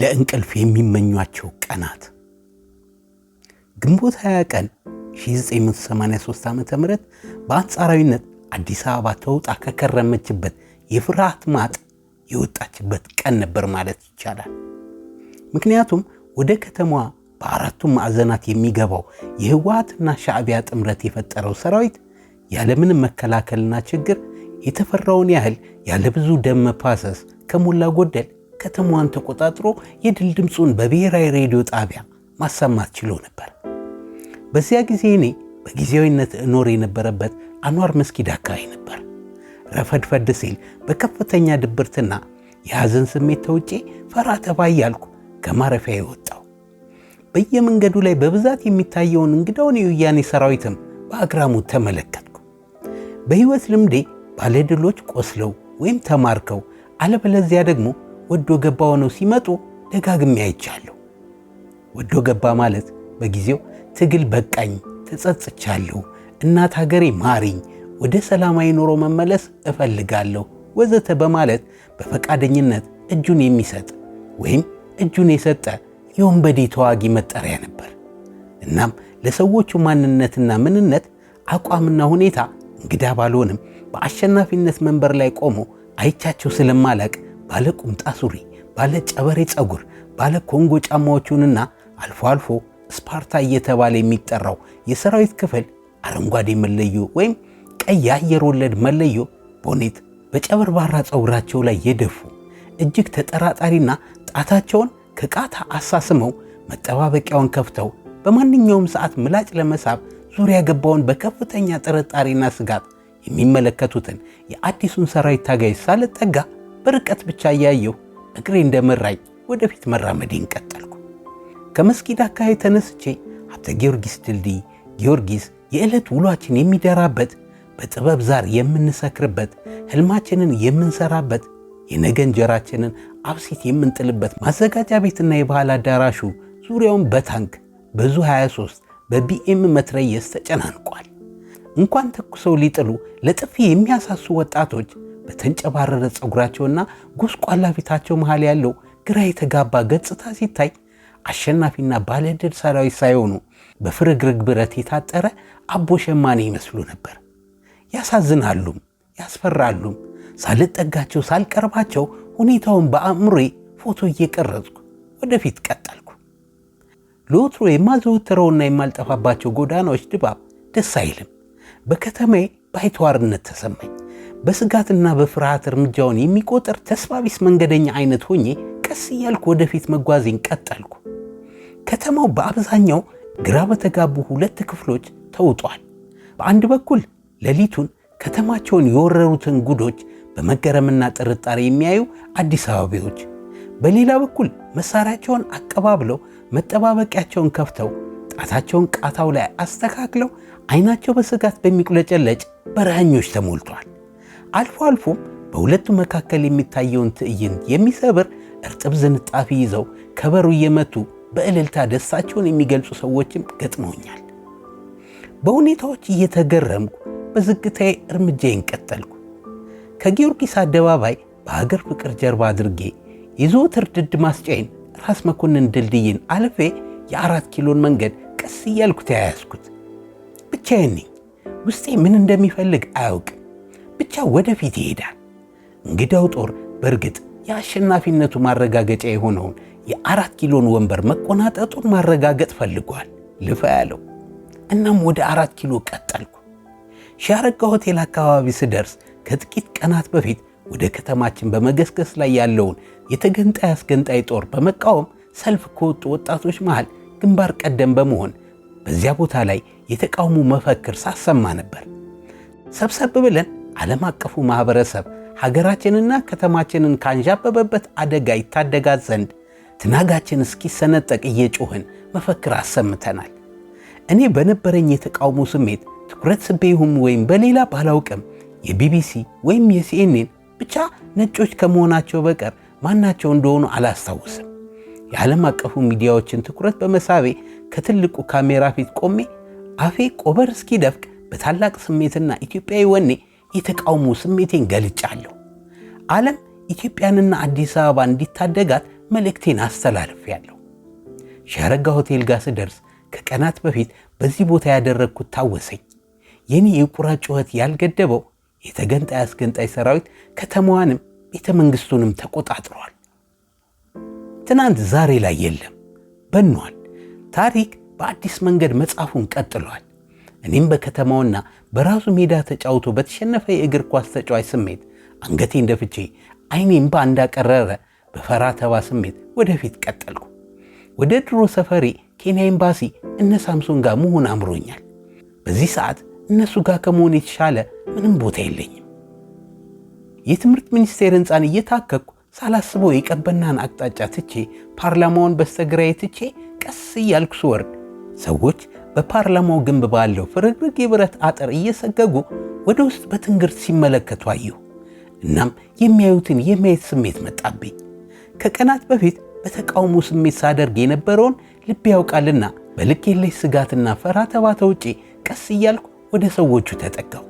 ለእንቅልፍ የሚመኟቸው ቀናት ግንቦት 20 ቀን 1983 ዓ ም በአንጻራዊነት አዲስ አበባ ተውጣ ከከረመችበት የፍርሃት ማጥ የወጣችበት ቀን ነበር ማለት ይቻላል። ምክንያቱም ወደ ከተማዋ በአራቱም ማዕዘናት የሚገባው የህወሓትና ሻዕቢያ ጥምረት የፈጠረው ሰራዊት ያለምንም መከላከልና ችግር የተፈራውን ያህል ያለብዙ ደም መፋሰስ ከሞላ ጎደል ከተማዋን ተቆጣጥሮ የድል ድምፁን በብሔራዊ ሬዲዮ ጣቢያ ማሰማት ችሎ ነበር። በዚያ ጊዜ እኔ በጊዜያዊነት እኖር የነበረበት አኗር መስጊድ አካባቢ ነበር። ረፈድፈድ ሲል በከፍተኛ ድብርትና የሐዘን ስሜት ተውጬ ፈራ ተባ እያልኩ ከማረፊያ የወጣው በየመንገዱ ላይ በብዛት የሚታየውን እንግዳውን የውያኔ ሰራዊትም በአግራሙ ተመለከትኩ። በሕይወት ልምዴ ባለድሎች ቆስለው ወይም ተማርከው አለበለዚያ ደግሞ ወዶ ገባ ሆነው ሲመጡ ደጋግሜ አይቻለሁ። ወዶ ገባ ማለት በጊዜው ትግል በቃኝ፣ ተጸጽቻለሁ፣ እናት ሀገሬ ማሪኝ፣ ወደ ሰላማዊ ኑሮ መመለስ እፈልጋለሁ ወዘተ በማለት በፈቃደኝነት እጁን የሚሰጥ ወይም እጁን የሰጠ የወንበዴ ተዋጊ መጠሪያ ነበር። እናም ለሰዎቹ ማንነትና ምንነት አቋምና ሁኔታ እንግዳ ባልሆንም በአሸናፊነት መንበር ላይ ቆሞ አይቻቸው ስለማላቅ ባለ ቁምጣ ሱሪ፣ ባለ ጨበሬ ፀጉር፣ ባለ ኮንጎ ጫማዎቹንና አልፎ አልፎ ስፓርታ እየተባለ የሚጠራው የሰራዊት ክፍል አረንጓዴ መለዮ ወይም ቀይ አየር ወለድ መለዮ ቦኔት በጨበርባራ ፀጉራቸው ላይ የደፉ እጅግ ተጠራጣሪና ጣታቸውን ከቃታ አሳስመው መጠባበቂያውን ከፍተው በማንኛውም ሰዓት ምላጭ ለመሳብ ዙሪያ ገባውን በከፍተኛ ጥርጣሬና ስጋት የሚመለከቱትን የአዲሱን ሰራዊት ታጋይ ሳልጠጋ በርቀት ብቻ እያየሁ እግሬ እንደመራኝ ወደፊት መራመዴን ቀጠልኩ። ከመስጊድ አካባቢ ተነስቼ ሀብተ ጊዮርጊስ ድልድይ ጊዮርጊስ የዕለት ውሏችን የሚደራበት በጥበብ ዛር የምንሰክርበት ህልማችንን የምንሰራበት የነገ እንጀራችንን አብሲት የምንጥልበት ማዘጋጃ ቤትና የባህል አዳራሹ ዙሪያውን በታንክ በዙ 23 በቢኤም መትረየስ ተጨናንቋል። እንኳን ተኩሰው ሊጥሉ ለጥፊ የሚያሳሱ ወጣቶች በተንጨባረረ ፀጉራቸውና ጎስቋላ ፊታቸው መሃል ያለው ግራ የተጋባ ገጽታ ሲታይ አሸናፊና ባለድል ሰራዊት ሳይሆኑ በፍርግርግ ብረት የታጠረ አቦ ሸማኔ ይመስሉ ነበር። ያሳዝናሉም ያስፈራሉም። ሳልጠጋቸው ሳልቀርባቸው ሁኔታውን በአእምሮዬ ፎቶ እየቀረጽኩ ወደፊት ቀጠልኩ። ለወትሮ የማዘወትረውና የማልጠፋባቸው ጎዳናዎች ድባብ ደስ አይልም። በከተማዬ ባይተዋርነት ተሰማኝ። በስጋትና በፍርሃት እርምጃውን የሚቆጠር ተስፋቢስ መንገደኛ አይነት ሆኜ ቀስ እያልኩ ወደፊት መጓዜን ቀጠልኩ። ከተማው በአብዛኛው ግራ በተጋቡ ሁለት ክፍሎች ተውጧል። በአንድ በኩል ሌሊቱን ከተማቸውን የወረሩትን ጉዶች በመገረምና ጥርጣሬ የሚያዩ አዲስ አበቤዎች፣ በሌላ በኩል መሳሪያቸውን አቀባብለው መጠባበቂያቸውን ከፍተው ጣታቸውን ቃታው ላይ አስተካክለው አይናቸው በስጋት በሚቁለጨለጭ በረሃኞች ተሞልቷል። አልፎ አልፎም በሁለቱ መካከል የሚታየውን ትዕይንት የሚሰብር እርጥብ ዝንጣፊ ይዘው ከበሩ እየመቱ በእልልታ ደስታቸውን የሚገልጹ ሰዎችም ገጥመውኛል። በሁኔታዎች እየተገረምኩ በዝግታዬ እርምጃዬን ቀጠልኩ። ከጊዮርጊስ አደባባይ በሀገር ፍቅር ጀርባ አድርጌ የዘወትር ድድ ማስጫዬን ራስ መኮንን ድልድይን አልፌ የአራት ኪሎን መንገድ ቀስ እያልኩ ተያያዝኩት። ብቻዬን ነኝ። ውስጤ ምን እንደሚፈልግ አያውቅም። ብቻ ወደፊት ይሄዳል። እንግዳው ጦር በእርግጥ የአሸናፊነቱ ማረጋገጫ የሆነውን የአራት ኪሎን ወንበር መቆናጠጡን ማረጋገጥ ፈልጓል። ልፋ ያለው እናም ወደ አራት ኪሎ ቀጠልኩ። ሻረጋ ሆቴል አካባቢ ስደርስ ከጥቂት ቀናት በፊት ወደ ከተማችን በመገስገስ ላይ ያለውን የተገንጣይ አስገንጣይ ጦር በመቃወም ሰልፍ ከወጡ ወጣቶች መሃል ግንባር ቀደም በመሆን በዚያ ቦታ ላይ የተቃውሞ መፈክር ሳሰማ ነበር። ሰብሰብ ብለን ዓለም አቀፉ ማኅበረሰብ ሀገራችንና ከተማችንን ካንዣበበበት አደጋ ይታደጋት ዘንድ ትናጋችን እስኪሰነጠቅ እየጮኽን መፈክር አሰምተናል። እኔ በነበረኝ የተቃውሞ ስሜት ትኩረት ስቤ ወይም በሌላ ባላውቅም የቢቢሲ ወይም የሲኤንኤን ብቻ ነጮች ከመሆናቸው በቀር ማናቸው እንደሆኑ አላስታውስም። የዓለም አቀፉ ሚዲያዎችን ትኩረት በመሳቤ ከትልቁ ካሜራ ፊት ቆሜ አፌ ቆበር እስኪደፍቅ በታላቅ ስሜትና ኢትዮጵያዊ ወኔ የተቃውሞ ስሜቴን ገልጫለሁ። ዓለም ኢትዮጵያንና አዲስ አበባ እንዲታደጋት መልእክቴን አስተላልፌያለሁ። ሸረጋ ሆቴል ጋር ስደርስ ከቀናት በፊት በዚህ ቦታ ያደረግኩት ታወሰኝ። የኔ የቁራ ጩኸት ያልገደበው የተገንጣይ አስገንጣይ ሰራዊት ከተማዋንም ቤተ መንግሥቱንም ተቆጣጥሯል። ትናንት ዛሬ ላይ የለም፣ በኗል። ታሪክ በአዲስ መንገድ መጻፉን ቀጥሏል። እኔም በከተማውና በራሱ ሜዳ ተጫውቶ በተሸነፈ የእግር ኳስ ተጫዋች ስሜት አንገቴ እንደፍቼ አይኔም ባንዳቀረረ በፈራ ተባ ስሜት ወደፊት ቀጠልኩ። ወደ ድሮ ሰፈሬ ኬንያ ኤምባሲ እነ ሳምሶን ጋር መሆን አምሮኛል። በዚህ ሰዓት እነሱ ጋር ከመሆን የተሻለ ምንም ቦታ የለኝም። የትምህርት ሚኒስቴር ሕንፃን እየታከኩ ሳላስበው የቀበናን አቅጣጫ ትቼ ፓርላማውን በስተግራዬ ትቼ ቀስ እያልኩ ስወርድ ሰዎች በፓርላማው ግንብ ባለው ፍርግርግ የብረት አጥር እየሰገጉ ወደ ውስጥ በትንግርት ሲመለከቱ አየሁ። እናም የሚያዩትን የማየት ስሜት መጣብኝ። ከቀናት በፊት በተቃውሞ ስሜት ሳደርግ የነበረውን ልብ ያውቃልና በልክ የለሽ ስጋትና ፈራ ተባተ ውጪ ቀስ እያልኩ ወደ ሰዎቹ ተጠጋሁ።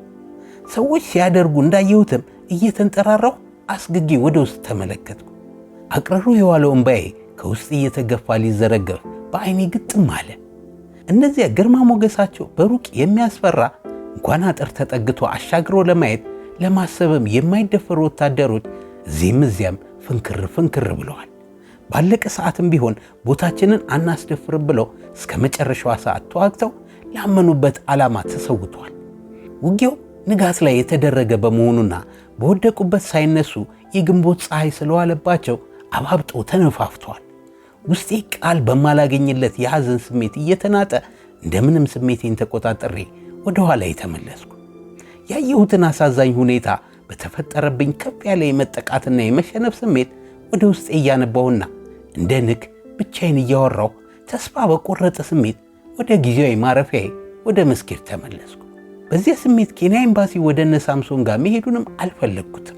ሰዎች ሲያደርጉ እንዳየሁትም እየተንጠራራሁ አስግጌ ወደ ውስጥ ተመለከትኩ። አቅርሩ የዋለው እምባዬ ከውስጥ እየተገፋ ሊዘረገፍ በአይኔ ግጥም አለ። እነዚያ ግርማ ሞገሳቸው በሩቅ የሚያስፈራ እንኳን አጥር ተጠግቶ አሻግሮ ለማየት ለማሰብም የማይደፈሩ ወታደሮች እዚህም እዚያም ፍንክር ፍንክር ብለዋል። ባለቀ ሰዓትም ቢሆን ቦታችንን አናስደፍርም ብለው እስከ መጨረሻዋ ሰዓት ተዋግተው ላመኑበት ዓላማ ተሰውተዋል። ውጊያው ንጋት ላይ የተደረገ በመሆኑና በወደቁበት ሳይነሱ የግንቦት ፀሐይ ስለዋለባቸው አባብጦ ተነፋፍቷል። ውስጤ ቃል በማላገኝለት የሐዘን ስሜት እየተናጠ እንደምንም ስሜቴን ተቆጣጠሬ ወደ ኋላ የተመለስኩ ያየሁትን አሳዛኝ ሁኔታ በተፈጠረብኝ ከፍ ያለ የመጠቃትና የመሸነፍ ስሜት ወደ ውስጤ እያነባውና እንደ ንክ ብቻዬን እያወራው ተስፋ በቆረጠ ስሜት ወደ ጊዜያዊ ማረፊያዬ ወደ መስጊድ ተመለስኩ። በዚያ ስሜት ኬንያ ኤምባሲ ወደ እነ ሳምሶን ጋር መሄዱንም አልፈለግኩትም።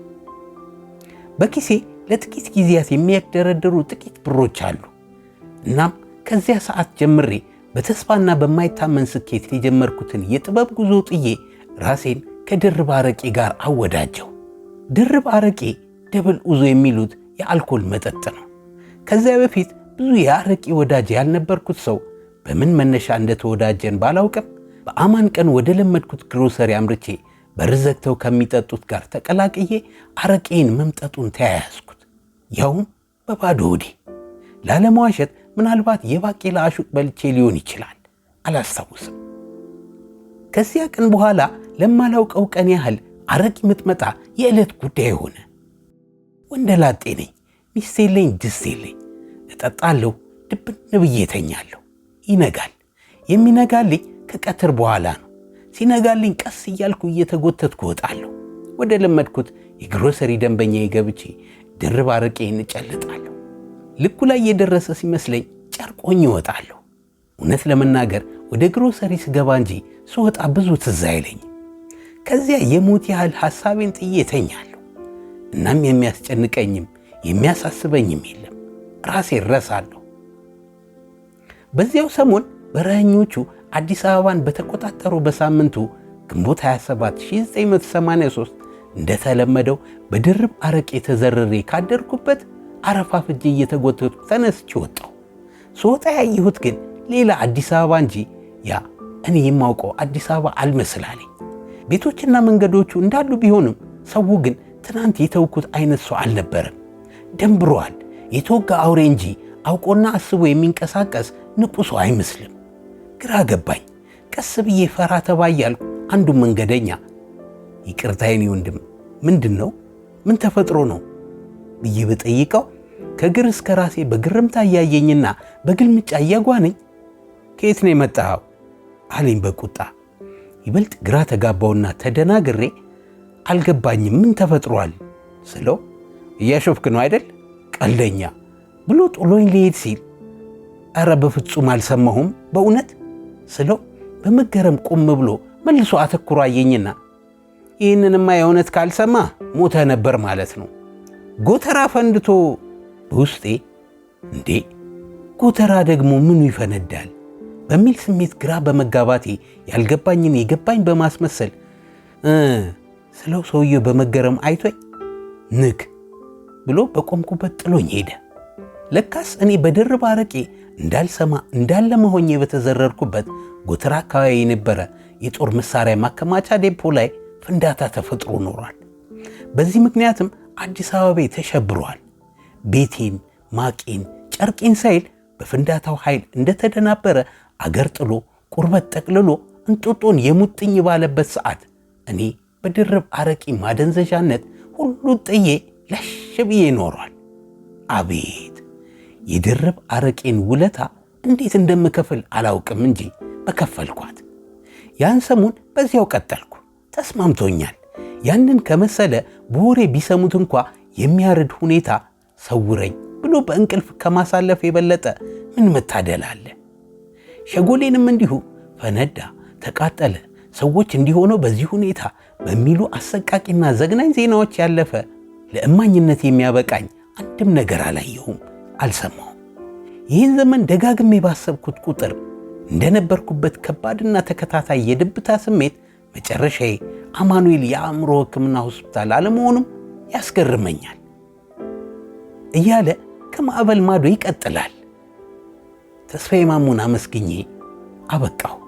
በኪሴ ለጥቂት ጊዜያት የሚያደረድሩ ጥቂት ብሮች አሉ። እናም ከዚያ ሰዓት ጀምሬ በተስፋና በማይታመን ስኬት የጀመርኩትን የጥበብ ጉዞ ጥዬ ራሴን ከድርብ አረቄ ጋር አወዳጀው። ድርብ አረቄ ደብል ኡዞ የሚሉት የአልኮል መጠጥ ነው። ከዚያ በፊት ብዙ የአረቄ ወዳጅ ያልነበርኩት ሰው በምን መነሻ እንደተወዳጀን ባላውቅም በአማን ቀን ወደ ለመድኩት ግሮሰሪ አምርቼ በርዘግተው ከሚጠጡት ጋር ተቀላቅዬ አረቄን መምጠጡን ተያያዝኩት፣ ያውም በባዶ ወዴ ላለመዋሸት ምናልባት የባቄላ አሹቅ በልቼ ሊሆን ይችላል፣ አላስታውስም። ከዚያ ቀን በኋላ ለማላውቀው ቀን ያህል አረቂ ምትመጣ የዕለት ጉዳይ ሆነ። ወንደላጤ ነኝ፣ ሚስት የለኝ፣ ድስት የለኝ። እጠጣለሁ፣ ድብን ብዬ እተኛለሁ። ይነጋል። የሚነጋልኝ ከቀትር በኋላ ነው። ሲነጋልኝ ቀስ እያልኩ እየተጎተትኩ እወጣለሁ። ወደ ለመድኩት የግሮሰሪ ደንበኛ ገብቼ ድርብ አረቄ እንጨልጣለሁ። ልኩ ላይ የደረሰ ሲመስለኝ ጨርቆኝ ይወጣለሁ። እውነት ለመናገር ወደ ግሮሰሪ ስገባ እንጂ ስወጣ ብዙ ትዝ አይለኝም። ከዚያ የሞት ያህል ሐሳቤን ጥዬ እተኛለሁ። እናም የሚያስጨንቀኝም የሚያሳስበኝም የለም። ራሴ እረሳለሁ። በዚያው ሰሞን በረኞቹ አዲስ አበባን በተቆጣጠሩ በሳምንቱ ግንቦት 27 1983 እንደተለመደው በድርብ አረቄ ተዘርሬ ካደርኩበት አረፋፍጄ እየተጎተትኩ ተነስቼ ወጣሁ። ስወጣ ያየሁት ግን ሌላ አዲስ አበባ እንጂ ያ እኔ የማውቀው አዲስ አበባ አልመስላለኝ። ቤቶችና መንገዶቹ እንዳሉ ቢሆንም ሰው ግን ትናንት የተውኩት አይነት ሰው አልነበረም። ደንብሯል። የተወጋ አውሬ እንጂ አውቆና አስቦ የሚንቀሳቀስ ንቁ ሰው አይመስልም። ግራ ገባኝ። ቀስ ብዬ ፈራ ተባ እያልኩ አንዱን መንገደኛ ይቅርታዬን፣ ወንድም ምንድን ነው? ምን ተፈጥሮ ነው ብዬ ብጠይቀው ከግር እስከ ራሴ በግርምታ እያየኝና በግልምጫ እያጓነኝ ከየት ነው የመጣኸው አለኝ በቁጣ። ይበልጥ ግራ ተጋባውና ተደናግሬ አልገባኝም፣ ምን ተፈጥሯል ስለው እያሾፍክ ነው አይደል ቀልደኛ ብሎ ጥሎኝ ሊሄድ ሲል አረ በፍጹም አልሰማሁም በእውነት ስለው በመገረም ቁም ብሎ መልሶ አተኩሮ አየኝና ይህንንማ የእውነት ካልሰማ ሞተ ነበር ማለት ነው ጎተራ ፈንድቶ በውስጤ እንዴ ጎተራ ደግሞ ምኑ ይፈነዳል በሚል ስሜት ግራ በመጋባቴ ያልገባኝን የገባኝ በማስመሰል ስለው ሰውየው በመገረም አይቶኝ ንግ ብሎ በቆምኩበት ጥሎኝ ሄደ። ለካስ እኔ በድርብ አረቄ እንዳልሰማ እንዳለመሆኜ በተዘረርኩበት ጎተራ አካባቢ የነበረ የጦር መሳሪያ ማከማቻ ዴፖ ላይ ፍንዳታ ተፈጥሮ ኖሯል። በዚህ ምክንያትም አዲስ አበቤ ተሸብሯል። ቤቴን ማቄን ጨርቄን ሳይል በፍንዳታው ኃይል እንደተደናበረ አገር ጥሎ ቁርበት ጠቅልሎ እንጦጦን የሙጥኝ ባለበት ሰዓት እኔ በድርብ አረቂ ማደንዘዣነት ሁሉን ጥዬ ለሽ ብዬ ኖሯል። አቤት የድርብ አረቄን ውለታ እንዴት እንደምከፍል አላውቅም እንጂ በከፈልኳት። ያን ሰሙን በዚያው ቀጠልኩ፣ ተስማምቶኛል። ያንን ከመሰለ በወሬ ቢሰሙት እንኳ የሚያርድ ሁኔታ ሰውረኝ ብሎ በእንቅልፍ ከማሳለፍ የበለጠ ምን መታደል አለ? ሸጎሌንም እንዲሁ ፈነዳ፣ ተቃጠለ፣ ሰዎች እንዲሆነው በዚህ ሁኔታ በሚሉ አሰቃቂና ዘግናኝ ዜናዎች ያለፈ ለእማኝነት የሚያበቃኝ አንድም ነገር አላየሁም፣ አልሰማሁም። ይህን ዘመን ደጋግሜ ባሰብኩት ቁጥር እንደነበርኩበት ከባድና ተከታታይ የድብታ ስሜት መጨረሻዬ አማኑኤል የአእምሮ ሕክምና ሆስፒታል አለመሆኑም ያስገርመኛል እያለ ከማዕበል ማዶ ይቀጥላል። ተስፋዬ ማሙን አመስግኜ አበቃሁ።